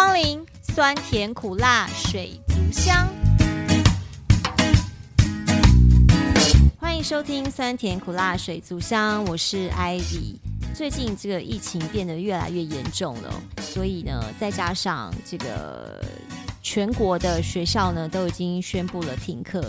光臨酸甜苦辣水族箱。歡迎收聽酸甜苦辣水族箱，我是 Ivy，最近這個疫情變得越來越嚴重了，所以呢，再加上這個全國的學校呢都已經宣布了停課，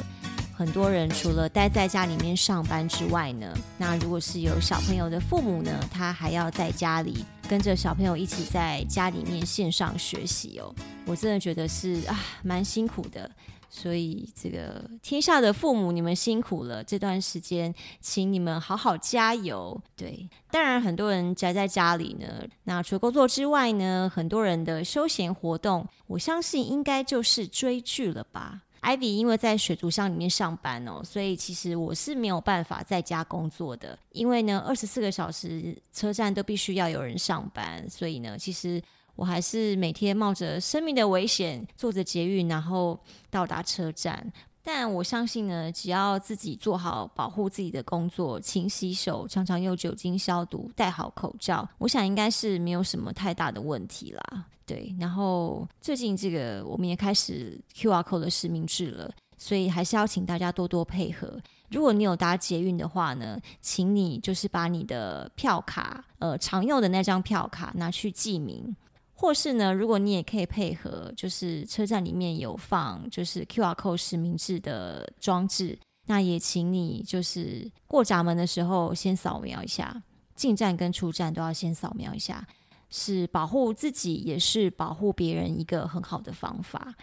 很多人除了待在家裡面上班之外呢，那如果是有小朋友的父母呢，他還要在家裡。跟着小朋友一起在家裡面線上學習哦，我真的覺得是啊，蠻辛苦的。所以這個天下的父母，你們辛苦了，這段時間，請你們好好加油。對，當然很多人宅在家裡呢，那除了工作之外呢，很多人的休閒活動，我相信應該就是追劇了吧。Ivy 因為在水族箱裡面上班哦，所以其實我是沒有辦法在家工作的。因為呢，二十四個小時車站都必須要有人上班，所以呢，其實我還是每天冒着生命的危險坐着捷運，然後到達車站。但我相信呢，只要自己做好保護自己的工作，勤洗手，常常用酒精消毒，戴好口罩，我想應該是沒有什麼太大的問題啦。對，然後最近這個我們也開始 QR Code 的實名制了，所以還是要請大家多多配合。如果你有搭捷運的話呢，請你就是把你的票卡，呃，常用的那張票卡拿去記名，或是呢，如果你也可以配合，就是車站裡面有放就是 QR Code 實名制的裝置，那也請你就是過閘門的時候先掃描一下，進站跟出站都要先掃描一下。是保護自己，也是保護別人一個很好的方法。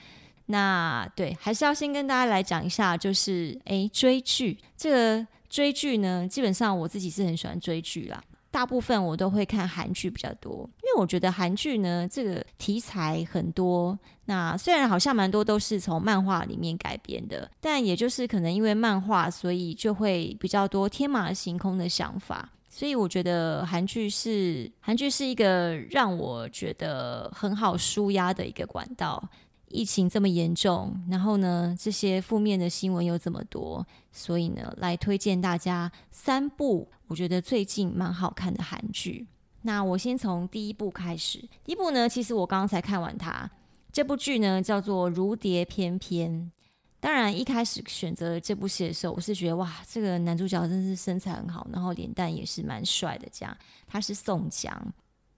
那對，還是要先跟大家來講一下，就是誒、欸，追劇。這個追劇呢，基本上我自己是很喜歡追劇啦。大部分我都會看韓劇比較多，因為我覺得韓劇呢，這個題材很多。那雖然好像蠻多都是從漫畫裡面改編的，但也就是可能因為漫畫，所以就會比較多天馬行空的想法。所以我覺得韓劇是韓劇是一個讓我覺得很好舒壓的一個管道。疫情這麼嚴重，然後呢，這些負面的新聞又這麼多，所以呢，來推薦大家三部我覺得最近蠻好看的韓劇。那我先從第一部開始，第一部呢，其實我剛剛才看完它，這部劇呢叫做《如蝶翩翩》。當然，一開始選擇這部戲的時候，我是覺得哇，這個男主角真是身材很好，然後臉蛋也是蠻帥的。這樣，他是宋江。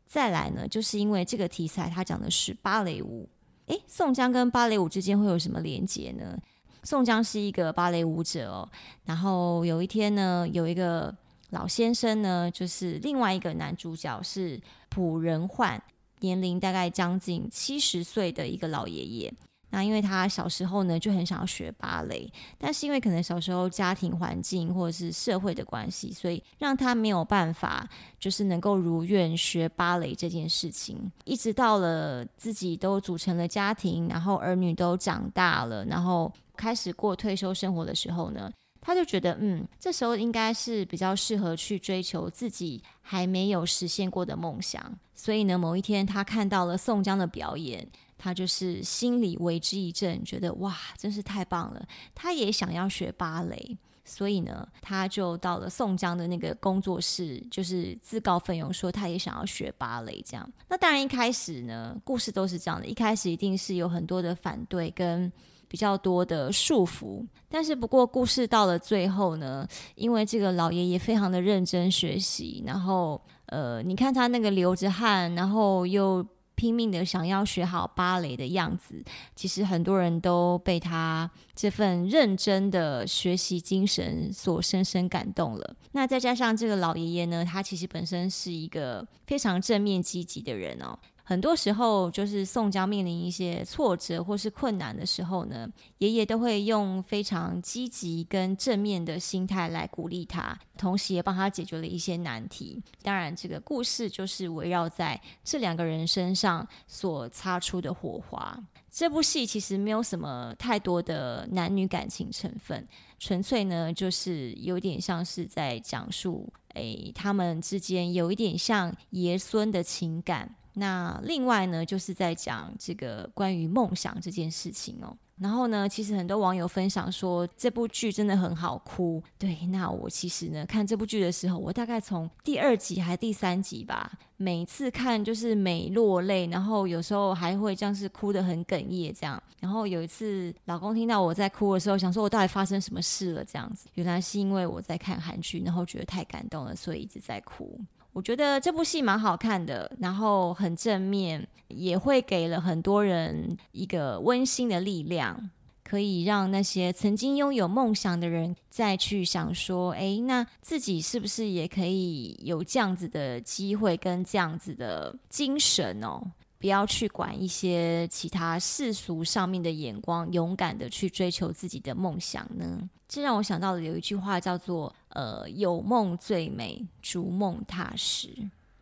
再來呢，就是因為這個題材，他講的是芭蕾舞。誒，宋江跟芭蕾舞之間會有什麼連接呢？宋江是一個芭蕾舞者哦，然後有一天呢，有一個老先生呢，就是另外一個男主角是朴仁煥，年齡大概將近七十歲的一個老爺爺。那、啊、因為他小時候呢就很想要學芭蕾，但是因為可能小時候家庭環境或者是社會的關係，所以讓他沒有辦法就是能夠如願學芭蕾這件事情。一直到了自己都組成了家庭，然後兒女都長大了，然後開始過退休生活的時候呢，他就覺得嗯，這時候應該是比較適合去追求自己還沒有實現過的夢想。所以呢，某一天他看到了宋江的表演。他就是心裡為之一振，覺得哇，真是太棒了！他也想要學芭蕾，所以呢，他就到了宋江的那個工作室，就是自告奮勇說他也想要學芭蕾。這樣，那當然一開始呢，故事都是這樣的，一開始一定是有很多的反對跟比較多的束縛。但是不過，故事到了最後呢，因為這個老爺爺非常的認真學習，然後呃，你看他那個流着汗，然後又。拼命的想要學好芭蕾的樣子，其實很多人都被他這份認真的學習精神所深深感動了。那再加上這個老爺爺呢，他其實本身是一個非常正面積極的人哦。很多時候，就是宋江面臨一些挫折或是困難的時候呢，爺爺都會用非常積極跟正面的心態來鼓勵他，同時也幫他解決了一些難題。當然，這個故事就是圍繞在這兩個人身上所擦出的火花。這部戲其實沒有什麼太多的男女感情成分，純粹呢就是有點像是在講述，誒、哎，他們之間有一點像爺孫的情感。那另外呢，就是在講這個關於夢想這件事情哦。然後呢，其實很多網友分享說這部劇真的很好哭。對，那我其實呢看這部劇的時候，我大概從第二集還是第三集吧，每次看就是每落淚，然後有時候還會像是哭得很哽咽這樣。然後有一次老公聽到我在哭的時候，想說我到底發生什麼事了這樣子。原來是因為我在看韓劇，然後覺得太感動了，所以一直在哭。我覺得這部戲蠻好看的，然後很正面，也會給了很多人一個溫馨的力量，可以讓那些曾經擁有夢想的人再去想說，誒，那自己是不是也可以有這樣子的機會跟這樣子的精神哦？不要去管一些其他世俗上面的眼光，勇敢地去追求自己的夢想呢？這讓我想到的有一句話叫做。呃，有夢最美，逐夢踏實。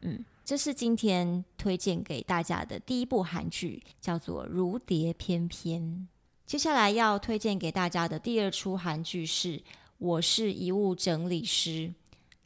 嗯，這是今天推薦給大家的第一部韓劇，叫做《如蝶翩翩》。接下來要推薦給大家的第二出韓劇是《我是遺物整理師》。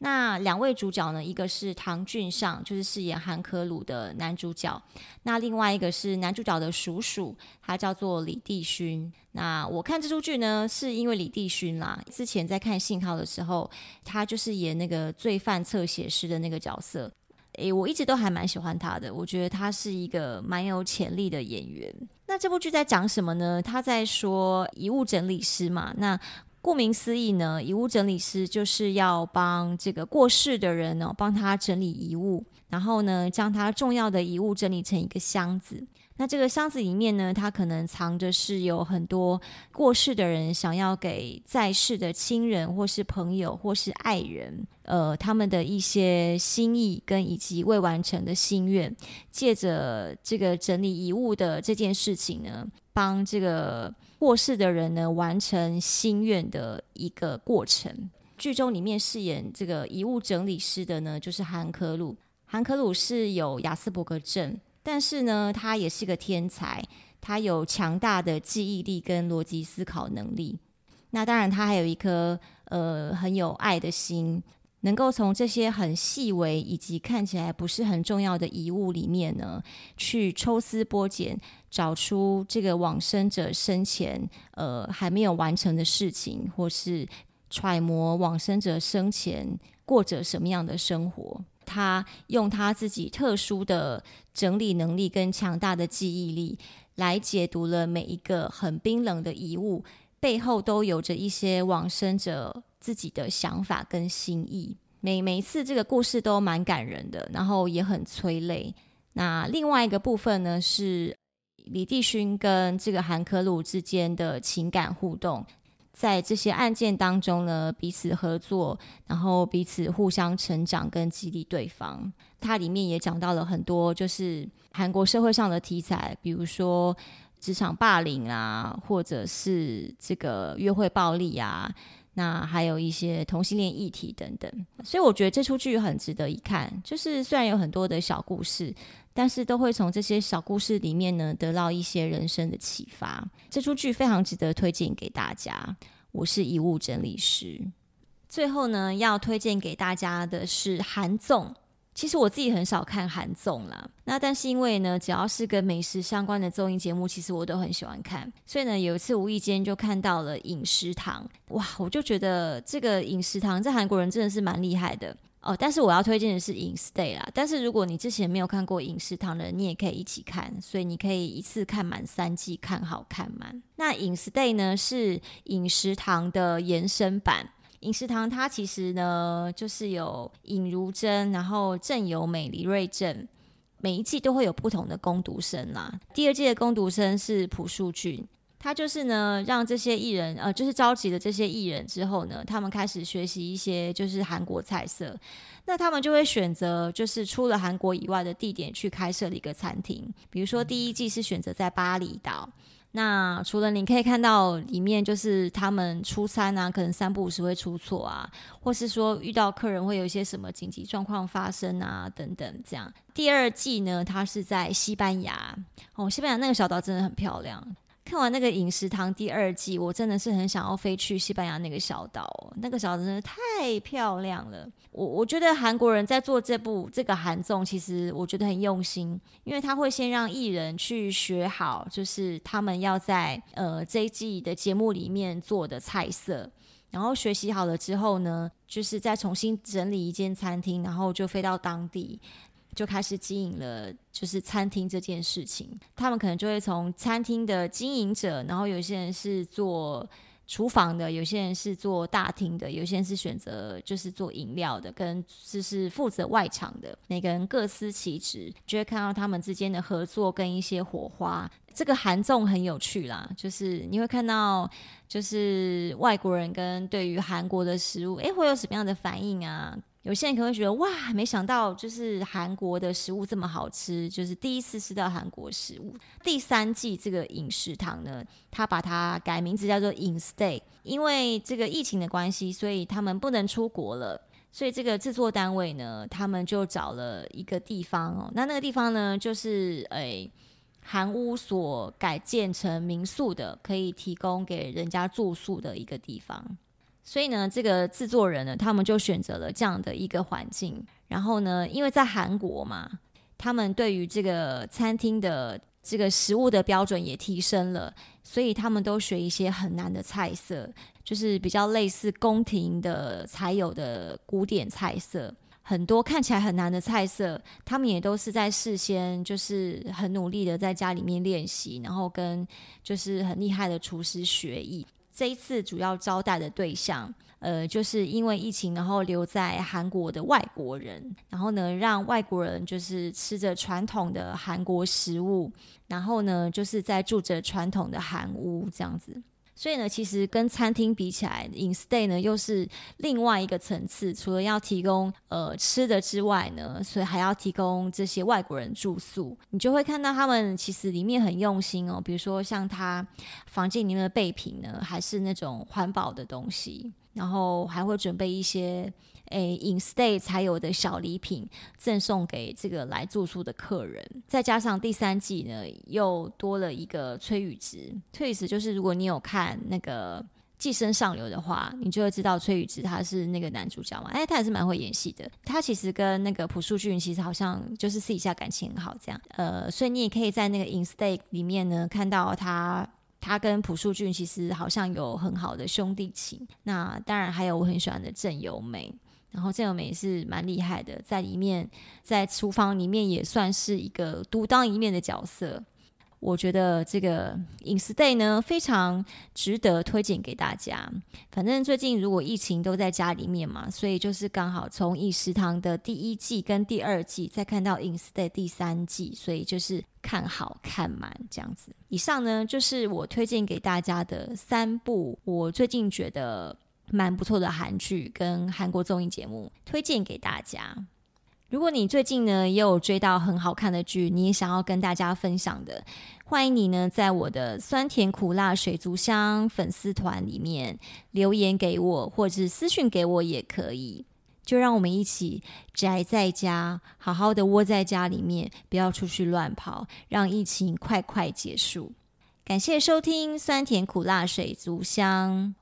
那兩位主角呢？一個是唐俊尚，就是飾演韓可魯的男主角。那另外一個是男主角的叔叔，他叫做李帝勳。那我看這出劇呢，是因為李帝勳啦，之前在看《信號》的時候，他就是演那個罪犯側寫師的那個角色。誒，我一直都還蠻喜歡他的，我覺得他是一個蠻有潛力的演員。那這部劇在講什麼呢？他在說遺物整理師嘛。那顧名思義呢，遺物整理師就是要幫這個過世的人呢、哦，幫他整理遺物，然後呢，將他重要的遺物整理成一個箱子。那這個箱子裡面呢，它可能藏着是有很多過世的人想要給在世的親人或是朋友或是愛人，呃，他們的一些心意跟以及未完成的心願，借着這個整理遺物的這件事情呢，幫這個。過世的人呢，完成心願的一個過程。劇中裡面飾演這個遺物整理師的呢，就是韓可魯。韓可魯是有亞斯伯格症，但是呢，他也是個天才，他有強大的記憶力跟邏輯思考能力。那當然，他還有一顆呃很有愛的心。能夠從這些很細微以及看起來不是很重要的遺物裡面呢，去抽絲剝繭，找出這個往生者生前呃還沒有完成的事情，或是揣摩往生者生前過着什麼樣的生活。他用他自己特殊的整理能力跟強大的記憶力，來解讀了每一個很冰冷的遺物。背後都有着一些往生者自己的想法跟心意，每每一次這個故事都蠻感人的，然後也很催淚。那另外一個部分呢，是李帝勳跟這個韓可魯之間的情感互動，在這些案件當中呢，彼此合作，然後彼此互相成長跟激勵對方。它裡面也講到了很多就是韓國社會上的題材，比如說。職場霸凌啊，或者是這個約會暴力啊，那還有一些同性戀議題等等，所以我覺得這出劇很值得一看。就是雖然有很多的小故事，但是都會從這些小故事裡面呢得到一些人生的啟發。這出劇非常值得推薦給大家。我是遺物整理師，最後呢要推薦給大家的是韓綜。其實我自己很少看韓綜啦，那但是因為呢，只要是跟美食相關的綜藝節目，其實我都很喜歡看。所以呢，有一次無意間就看到了《尹食堂》，哇，我就覺得這個《尹食堂》這韓國人真的是蠻厲害的哦。但是我要推薦的是《尹 Stay》啦。但是如果你之前沒有看過《尹食堂》的，你也可以一起看，所以你可以一次看滿三季，看好看滿。那《尹 Stay》呢是《尹食堂》的延伸版。尹食堂，它其實呢，就是有尹汝貞，然後鄭裕美、李瑞鎮。每一季都會有不同的工讀生啦。第二季的工讀生是朴敘俊，他就是呢，讓這些藝人，呃，就是召集了這些藝人之後呢，他們開始學習一些就是韓國菜色，那他們就會選擇就是除了韓國以外的地點去開設一個餐廳，比如說第一季是選擇在巴厘島。那除了你可以看到裡面，就是他們出餐啊，可能三不五時會出錯啊，或是說遇到客人會有一些什麼緊急狀況發生啊，等等這樣。第二季呢，它是在西班牙哦，西班牙那個小島真的很漂亮。看完那個《尹食堂》第二季，我真的是很想要飛去西班牙那個小島哦。那個小島真的太漂亮了。我我覺得韓國人在做這部這個韓綜，其實我覺得很用心，因為他會先讓藝人去學好，就是他們要在呃這一季的節目裡面做的菜色，然後學習好了之後呢，就是再重新整理一間餐廳，然後就飛到當地。就開始經營了，就是餐廳這件事情。他們可能就會從餐廳的經營者，然後有些人是做廚房的，有些人是做大廳的，有些人是選擇就是做飲料的，跟就是負責外場的。每個人各司其職，就會看到他們之間的合作跟一些火花。這個韓綜很有趣啦，就是你會看到就是外國人跟對於韓國的食物，哎，會有什麼樣的反應啊？有些人可能會覺得，哇，沒想到就是韓國的食物這麼好吃，就是第一次吃到韓國食物。第三季這個尹食堂呢，他把它改名字叫做尹 Stay，因為這個疫情的關係，所以他們不能出國了，所以這個製作單位呢，他們就找了一個地方哦，那那個地方呢，就是誒，韓屋所改建成民宿的，可以提供給人家住宿的一個地方。所以呢，這個製作人呢，他們就選擇了這樣的一個環境。然後呢，因為在韓國嘛，他們對於這個餐廳的這個食物的標準也提升了，所以他們都學一些很難的菜色，就是比較類似宮廷的才有的古典菜色。很多看起來很難的菜色，他們也都是在事先就是很努力的在家裡面練習，然後跟就是很厲害的廚師學藝。這一次主要招待的對象，呃，就是因為疫情，然後留在韓國的外國人，然後呢，讓外國人就是吃着傳統的韓國食物，然後呢，就是在住着傳統的韓屋，這樣子。所以呢，其實跟餐廳比起來，尹 Stay 呢又是另外一個層次。除了要提供呃吃的之外呢，所以還要提供這些外國人住宿。你就會看到他們其實裡面很用心哦，比如說像他房間裡面的備品呢，還是那種環保的東西，然後還會準備一些。誒，尹 Stay 才有的小禮品贈送給這個來住宿的客人，再加上第三季呢，又多了一個崔宇植。崔宇植就是如果你有看那個《寄生上流》的話，你就會知道崔宇植他是那個男主角嘛。哎，他也是蠻會演戲的。他其實跟那個朴敘俊其實好像就是私底下感情很好這樣。呃，所以你也可以在那個尹 Stay 裡面呢看到他，他跟朴敘俊其實好像有很好的兄弟情。那當然還有我很喜歡的鄭裕美。然後鄭有美也是蠻厲害的，在裡面在廚房裡面也算是一個獨當一面的角色。我覺得這個呢《尹 Stay》呢非常值得推薦給大家。反正最近如果疫情都在家裡面嘛，所以就是剛好從《尹食堂》的第一季跟第二季，再看到《尹 Stay》第三季，所以就是看好看滿這樣子。以上呢就是我推薦給大家的三部我最近覺得。蠻不錯的韓劇跟韓國綜藝節目推薦給大家。如果你最近呢也有追到很好看的劇，你也想要跟大家分享的，歡迎你呢在我的酸甜苦辣水族箱粉絲團裡面留言給我，或者是私訊給我也可以。就讓我們一起宅在家，好好的窩在家裡面，不要出去亂跑，讓疫情快快結束。感謝收聽酸甜苦辣水族箱。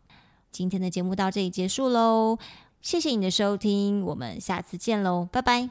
今天的節目到這裡結束嘍，謝謝你的收聽，我們下次見嘍，拜拜。